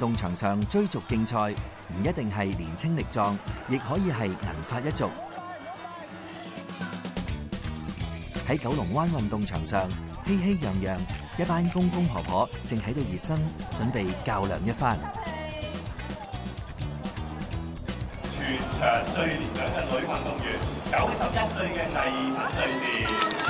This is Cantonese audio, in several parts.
運動場上追逐競賽，唔一定係年青力壯，亦可以係銀髮一族。喺九龍灣運動場上，熙熙攘攘，一班公公婆婆正喺度熱身，準備較量一番。全場最年長嘅女運動員，九十一歲嘅第二名女士。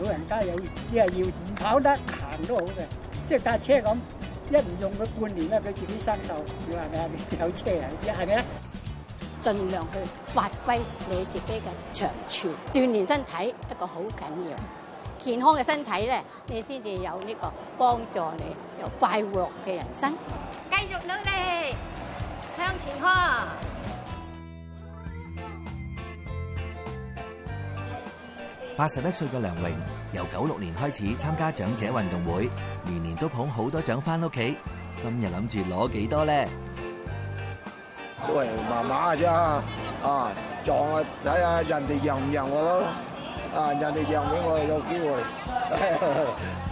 老人家有，你係要唔跑得行都好嘅，即係架車咁一唔用佢半年啦，佢自己生鏽，你話係咪啊？有車人知係咩？盡量去發揮你自己嘅長處，鍛鍊身體一個好緊要，健康嘅身體咧，你先至有呢個幫助你有快活嘅人生，繼續努力向前衝。八十一歲嘅梁榮由九六年開始參加長者運動會，年年都捧好多獎翻屋企，今日諗住攞幾多咧？喂，麻麻啫啊，撞啊，睇下人哋贏唔贏我咯，啊，人哋贏俾我有機會。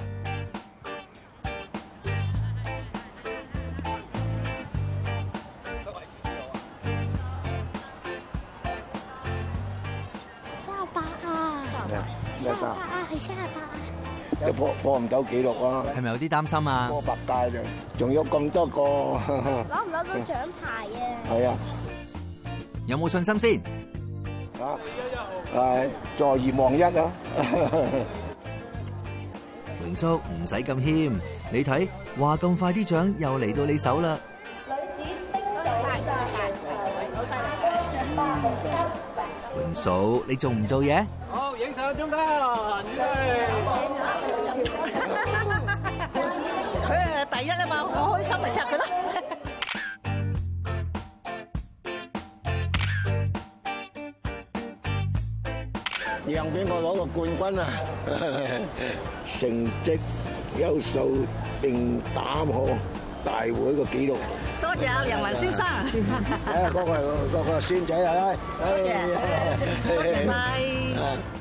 咩色？啊，係三十八。就破破唔到紀錄啦。係咪有啲擔心啊？破八街咋？仲有咁多個？攞唔攞到獎牌啊？係啊。有冇信心先？啊？係坐二望一啊？榮叔唔使咁謙，你睇話咁快啲獎又嚟到你手啦。女子冰刀大對大。老細，你做唔做嘢？佢 第一啊嘛，好開心咪錫佢咯。讓畀我攞個冠軍啊？成績優秀並打破大會個紀錄。多謝阿梁榮先生。誒， 嗰、嗰個嗰個孫仔啊！多謝。唔 該。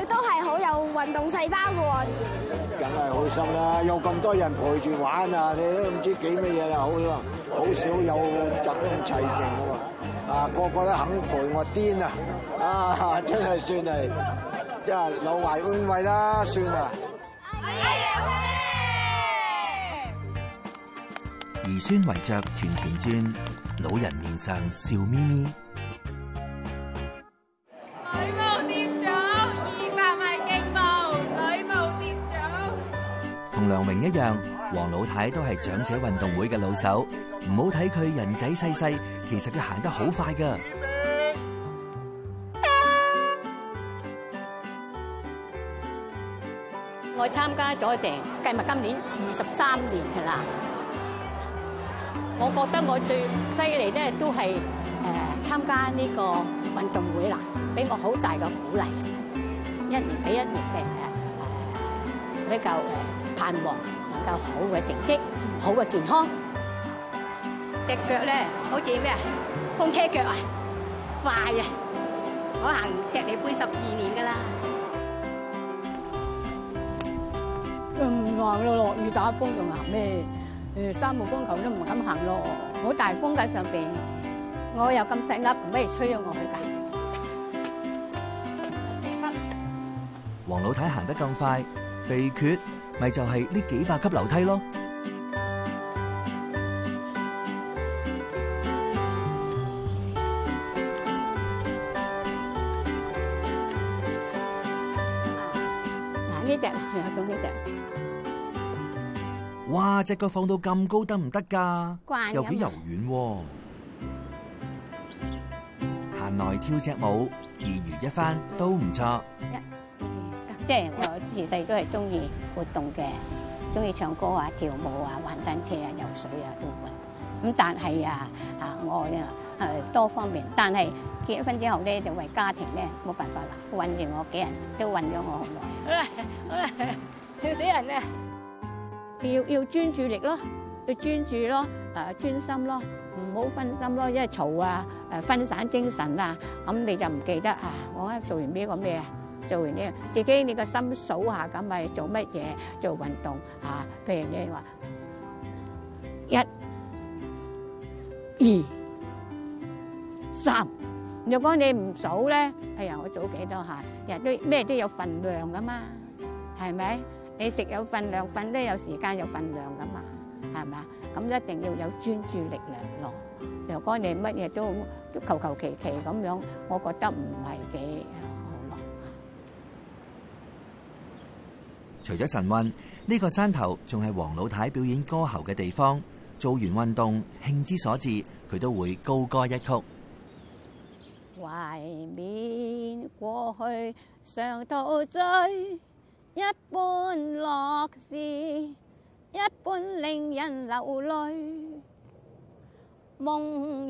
亦都係好有運動細胞噶喎，梗係開心啦！有咁多人陪住玩啊，你都唔知幾乜嘢啦，好咯，好少有集咁齊勁噶嘛！啊，個個都肯陪我癲啊！啊，真係算係即係老懷安慰啦，算啦。兒孫圍著團團轉，老人面上笑咪咪。明一樣，黃老太都係長者運動會嘅老手。唔好睇佢人仔細細，其實佢行得好快㗎。我參加咗成計埋今年二十三年㗎啦。我覺得我最犀利咧，都係誒參加呢個運動會啦，俾我好大嘅鼓勵。一年比一年嘅誒比較誒。盼望能夠好嘅成績，好嘅健康。隻腳咧好似咩啊，風車腳啊，快啊！我行石地杯十二年噶啦。唔行咯，落雨打風仲行咩？誒，三個風球都唔敢行咯、啊。好大風喺上邊，我又咁細粒，唔俾吹咗我去噶。秘黃老太行得咁快，秘訣。咪就係呢幾百級樓梯咯。行呢隻，行呢隻。哇！隻腳放到咁高得唔得㗎？又幾柔軟。閒來跳隻舞，自娛一番都唔錯。即係我自細都係中意活動嘅，中意唱歌啊、跳舞啊、玩單車啊、游水啊都會。咁但係啊啊我啊多方面，但係結咗婚之後咧就為家庭咧冇辦法啦，困住我屋企人都困咗我好耐。好啦好啦，笑死人啦！要要專注力咯，要專注咯，誒專心咯，唔好分心咯，因為嘈啊誒分散精神啊，咁你就唔記得啊！我咧做完呢個咩啊？做完呢，自己你個心數下咁咪做乜嘢？做運動啊，譬如你話一、二、三。如果你唔數咧，哎呀，我數幾多下，人都咩都有份量噶嘛，係咪？你食有份量，瞓都有時間有份量噶嘛，係咪啊？咁一定要有專注力量咯。如果你乜嘢都都求求其其咁樣，我覺得唔係幾。除咗晨運，呢、這個山頭仲係黃老太表演歌喉嘅地方。做完運動，興之所至，佢都會高歌一曲。懷緬過去，常陶醉，一半樂事，一半令人流淚。夢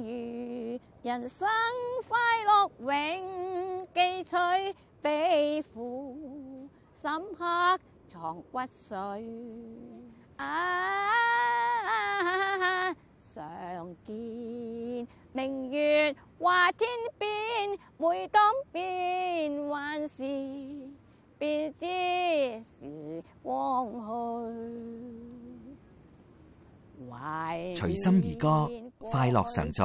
如人生快樂，快樂永記取，悲苦深刻。藏骨水、啊、常見明月掛天邊。每當變幻時，便知時光去，隨心而歌，快樂常在。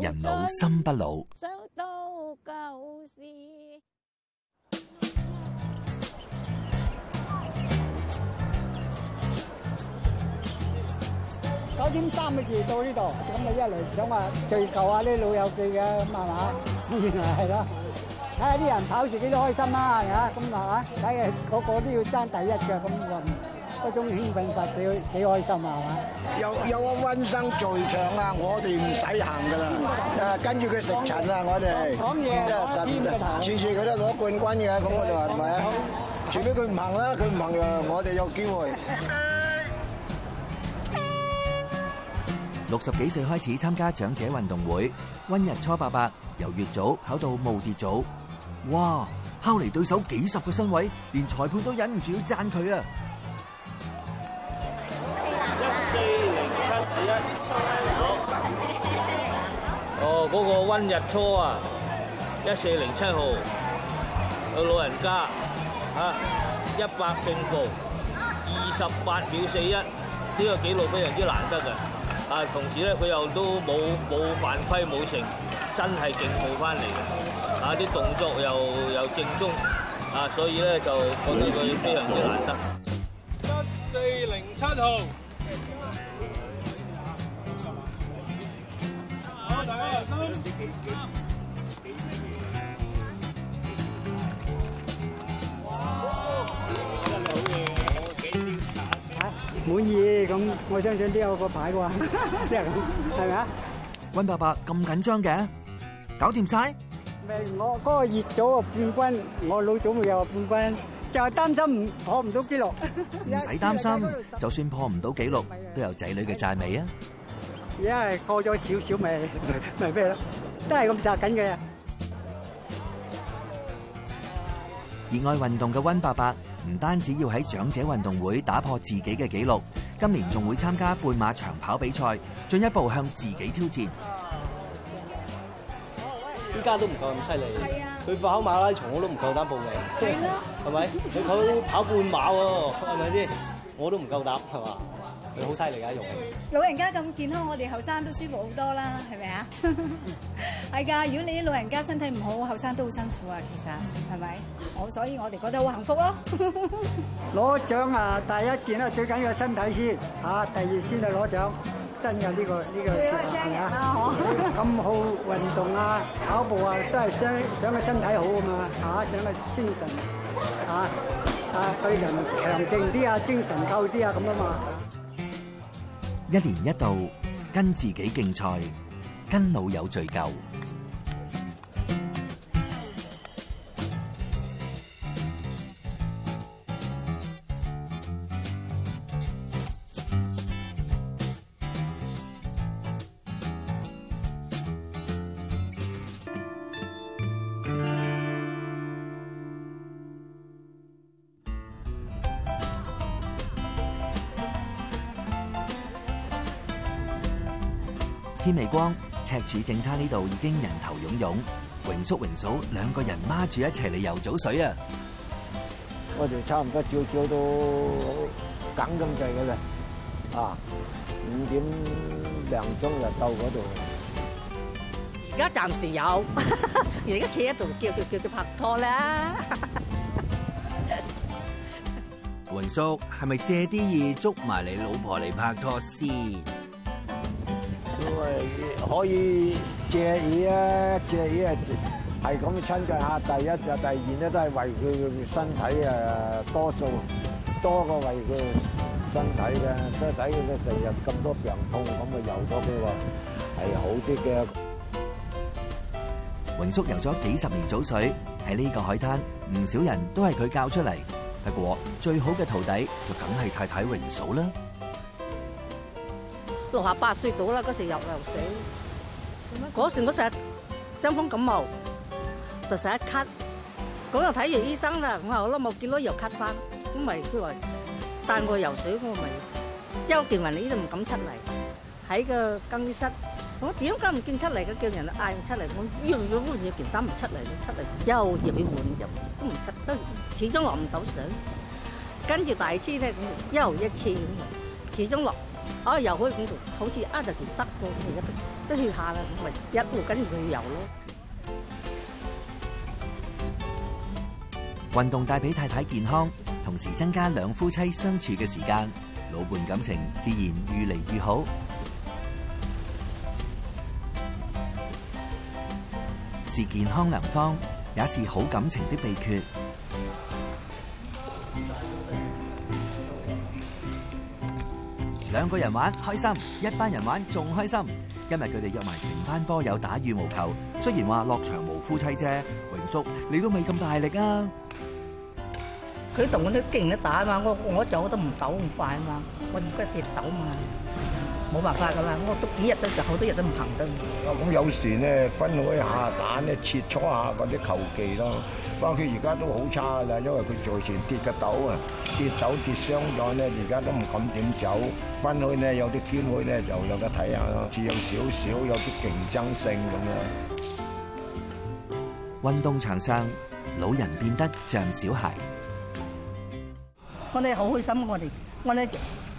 人老心不老，想到舊時。點三個字到呢度，咁啊一嚟想話聚舊下啲老友記嘅，咁係嘛？原來係咯，睇下啲人跑自己都開心啦吓，咁啊啊，睇下個個都要爭第一嘅，咁啊，一種興奮法，幾幾開心啊嘛！有有個溫生在場啊，我哋唔使行噶啦，啊跟住佢食塵啊，我哋講嘢，次次佢都攞冠軍嘅，咁我就話係，除非佢唔行啦，佢唔行啊，我哋有機會。六十幾歲開始參加長者運動會，温日初伯伯由越組跑到耄耋組，哇，拋離對手幾十個身位，連裁判都忍唔住要讚佢啊！一四零七至一，號。哦，嗰個温日初啊，一四零七號，佢老人家吓一百米競步二十八秒四一，呢個紀錄非常之難得噶。啊！同時咧，佢又都冇冇犯規冇成，真係勁舞翻嚟嘅。啊！啲動作又又正宗，啊！所以咧就覺得佢非常之難得。一四零七號滿意咁，我相信都有個牌嘅。即係咁，係咪啊？溫伯伯咁緊張嘅，搞掂晒咩？我嗰個熱咗個冠軍，我老祖母又冠軍，就係擔心唔破唔到紀錄。唔使擔心，就算破唔到紀錄，都有仔女嘅讚美啊！而家係過咗少少尾，咪咩咯？都係咁殺緊嘅。熱愛運動嘅溫伯伯。唔單止要喺長者運動會打破自己嘅紀錄，今年仲會參加半馬長跑比賽，進一步向自己挑戰。依家都唔夠咁犀利，佢跑馬拉松我都唔夠膽報名，係咪、啊？佢跑跑半馬喎，係咪先？我都唔夠膽，係嘛？好犀利啊！用老人家咁健康，我哋後生都舒服好多啦，係咪啊？係㗎！如果你啲老人家身體唔好，後生都好辛苦啊。其實係咪？我所以我哋覺得好幸福咯。攞獎啊！第一件啊，最緊要身體先嚇，第二先就攞獎。真嘅呢個呢個説話係啊，咁好運動啊，跑步啊，都係想想個身體好啊嘛嚇，想個精神嚇啊對人強勁啲啊，精神夠啲啊咁啊嘛。一年一度，跟自己競賽，跟老友聚舊。光赤柱正灘呢度已經人頭涌涌，榮叔榮嫂兩個人孖住一齊嚟游早水啊！我哋差唔多朝朝到緊咁滯噶啦，啊，五點零鐘就到嗰度。而家暫時有，而家企喺度叫叫叫叫拍拖啦！榮 叔係咪借啲意捉埋你老婆嚟拍拖先？可以借耳啊，借耳啊係咁親嘅吓，第一就第二咧都係為佢嘅身體啊，多數多過為佢身體嘅，所以睇佢成日咁多病痛，咁啊，游咗佢話係好啲嘅。榮叔游咗幾十年早水，喺呢個海灘唔少人都係佢教出嚟，不過最好嘅徒弟就梗係太太榮嫂啦。六十八歲到啦，嗰時游游水，嗰時嗰時傷風感冒，就成日咳，咁又睇完醫生啦，我話我都冇見到又咳翻，咁咪佢話帶我游水，我咪周電雲你都唔敢出嚟，喺個更衣室，我點解唔見出嚟嘅？叫人嗌出嚟，我要唔要換件衫？唔出嚟，出嚟又要換，入都唔出，都始終落唔到水，跟住第二次咧，咁又一次，始終落。啊！游開嗰度，好似啊就幾得嘅，都去下啦，咪一路跟住佢游咯。運動帶俾太太健康，同時增加兩夫妻相處嘅時間，老伴感情自然越嚟越好，是健康良方，也是好感情的秘訣。兩個人玩，開心，一班人玩仲開心。因為佢哋約埋成班波友打羽毛球，雖然話落場無夫妻啫。榮叔，你都未咁大力啊？佢同我都勁得打啊嘛，我我就都唔抖咁快啊嘛，我唔而家跌抖嘛。冇辦法噶啦。我都幾日都就好多日都唔行得。咁有時咧分開一下打咧切磋一下嗰啲球技咯。嗰佢而家都好差啦，因為佢在前跌嘅倒啊，跌走跌傷咗咧，而家都唔敢點走。分開咧，有啲機會咧，就有得睇下咯，似有少少有啲競爭性咁樣。運動場上，老人變得像小孩。我哋好開心，我哋我哋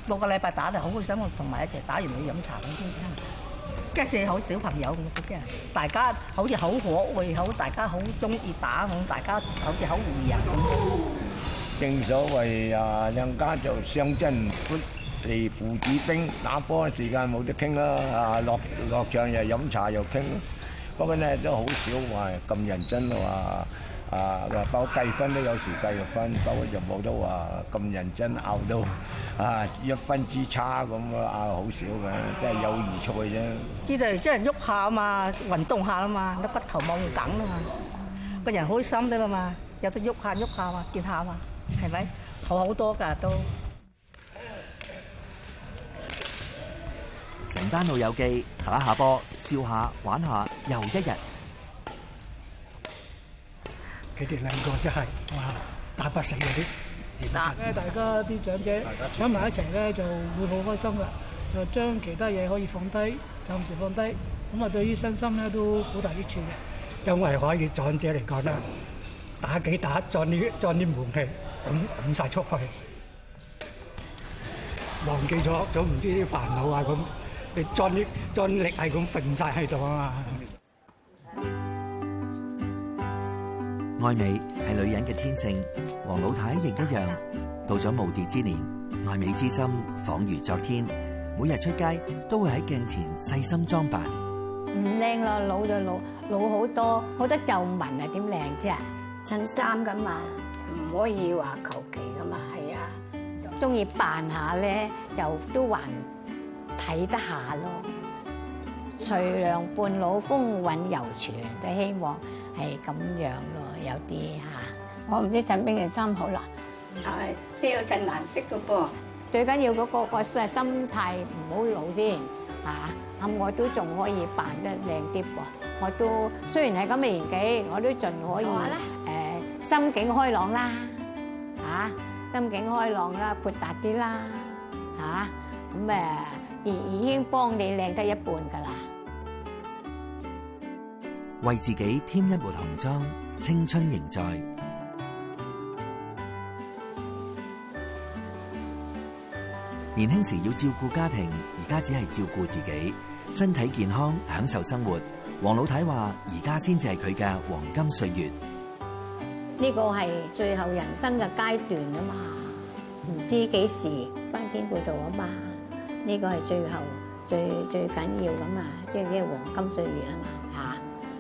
六個禮拜打咧，好開心，我同埋一齊打完去飲茶咁樣。即係好小朋友咁，即係大家好似好攰，好大家好中意打，好大家好似好攰啊！正所謂啊，人家就相親歡，係父子兵打波嘅時間冇得傾啦，啊落落場又飲茶又傾，不過咧都好少話咁認真話。啊！包計分都有時計入分，包就冇得話咁認真拗到啊！一分之差咁啊拗好少嘅，都係友誼賽啫。呢度即係喐下啊嘛，運動下啊嘛，都骨頭掹緊啊嘛，個人開心啲啦嘛，有得喐下喐下嘛，見下嘛，係咪好好多㗎都？成班老友記打下波，笑下玩下又一日。佢哋兩個真係哇打不死嗰啲，嗱咧大家啲長者想埋一齊咧，就會好開心噶，就將其他嘢可以放低，暫時放低，咁啊對於身心咧都好大益處嘅。因為可以長者嚟講啦，打幾打，再啲再啲門氣，咁揾晒出去。忘記咗咗唔知啲煩惱啊，咁你盡力盡力係咁揈晒喺度啊嘛。愛美係女人嘅天性，黃老太亦一樣。到咗耄耋之年，愛美之心仿如昨天，每日出街都會喺鏡前細心裝扮。唔靚咯，老就老老好多，好多皺紋啊，點靚啫？襯衫咁嘛，唔可以話求其噶嘛。係啊，中意扮一下咧，就都還睇得下咯。徐娘半老，風韻猶存，都希望。係咁樣咯，有啲吓。我唔知襯邊件衫好啦，但係都要襯藍色嘅噃。最緊要嗰個個心態唔好老先吓。咁我都仲可以扮得靚啲噃。我都雖然係咁嘅年紀，我都盡可以誒心境開朗啦，吓心境開朗啦，豁達啲啦，吓咁誒已已經幫你靚得一半㗎啦。為自己添一抹紅妝，青春仍在。年輕時要照顧家庭，而家只係照顧自己，身體健康，享受生活。黃老太話：而家先至係佢嘅黃金歲月。呢個係最後人生嘅階段啊嘛，唔知幾時翻天覆地啊嘛。呢個係最後最最緊要咁啊，因為呢個黃金歲月啊嘛，吓。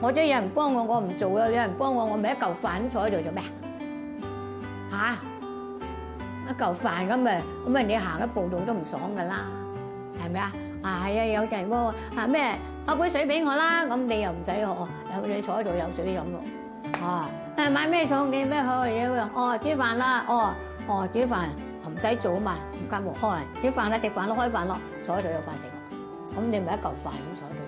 我即係有人幫我，我唔做啦。有人幫我，我咪一嚿飯坐喺度做咩？吓，一嚿飯咁咪，咁咪你行一步路都唔爽噶啦，係咪啊？啊係啊，有陣喎啊咩，攞杯水俾我啦。咁你又唔使喎，有你坐喺度有水飲咯。啊誒買咩餸？點咩去嘢哦煮飯啦，哦哦煮飯唔使做啊嘛，唔關我。哦煮飯啦，食飯都開飯咯，坐喺度有飯食。咁你咪一嚿飯咁坐喺度。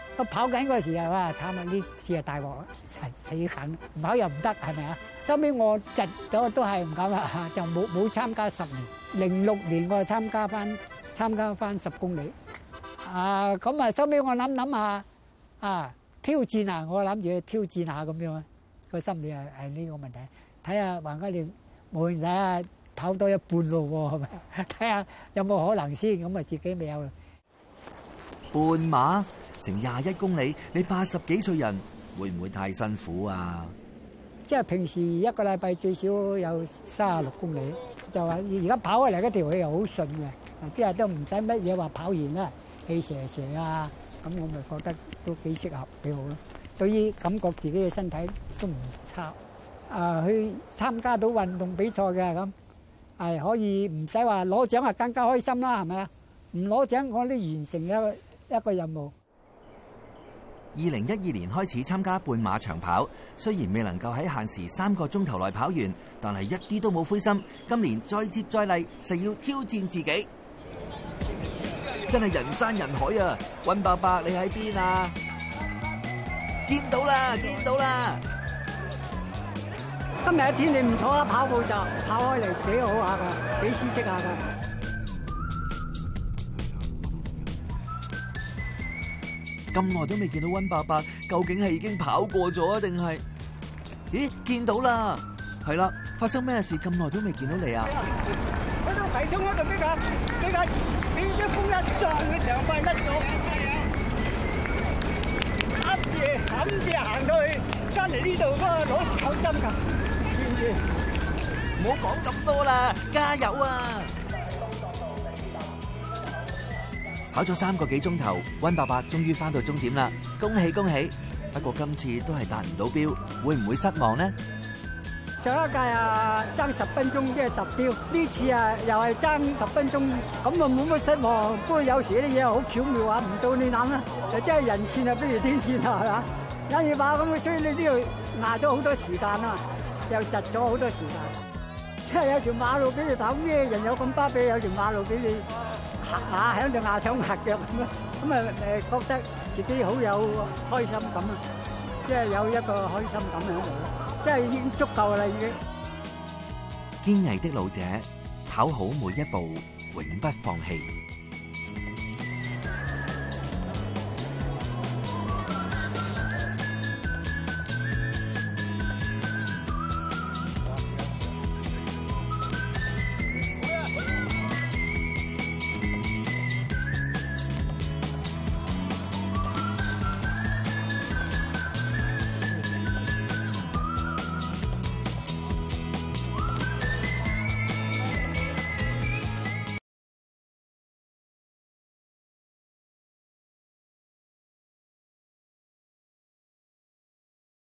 跑緊嗰個時候啊，慘啊！呢次啊，大鑊啊，死緊唔跑又唔得，係咪啊？收尾我窒咗都係唔敢啦，就冇冇參加十年零六年，我係參加翻，參加翻十公里。啊，咁啊，收尾我諗諗下啊，挑戰啊，我諗住去挑戰下咁樣啊，個心理係係呢個問題。睇下王家烈，冇人睇下跑多一半路喎，係咪？睇下有冇可能先，咁啊自己未有半馬。成廿一公里，你八十幾歲人會唔會太辛苦啊？即係平時一個禮拜最少有卅啊六公里，就話而家跑開嚟嗰條氣又好順嘅，即係都唔使乜嘢話跑完啦，氣蛇蛇啊，咁我咪覺得都幾適合，幾好咯。對於感覺自己嘅身體都唔差啊、呃，去參加到運動比賽嘅咁係可以，唔使話攞獎啊，更加開心啦，係咪啊？唔攞獎，我都完成一一個任務。二零一二年開始參加半馬長跑，雖然未能夠喺限時三個鐘頭內跑完，但係一啲都冇灰心。今年再接再厲，誓要挑戰自己。真係人山人海啊！温伯伯你喺邊啊？見到啦，見到啦！今日天氣唔錯啊跑步就，跑開嚟，幾好下噶，幾舒適下噶。咁耐都未見到溫伯伯，究竟係已經跑過咗啊？定係？咦，見到啦！係啦，發生咩事？咁耐都未見到你啊！喺度睇中一個咩架？咩架？俾啲風一撞，佢兩米甩咗。跟住，跟住行去，跟嚟呢度啦，攞手針噶，知唔知？唔好講咁多啦，加油啊！跑咗三個幾鐘頭，溫伯伯終於翻到終點啦！恭喜恭喜！不過今次都係達唔到標，會唔會失望呢？上一屆啊爭十分鐘即係達標，呢次啊又係爭十分鐘，咁啊冇乜失望。不過有時啲嘢好巧妙啊，唔到你諗啊，就真係人線啊不如天線啊，係嘛？有一次跑咁，所以你呢度挨咗好多時間啊，又窒咗好多時間。即係有條馬路俾你跑咩？人有咁巴閉，有條馬路俾你。下喺度下上下腳咁啊，咁啊誒覺得自己好有開心感啊，即係有一個開心感啊，即係已經足夠啦已經。堅毅的老者，跑好每一步，永不放棄。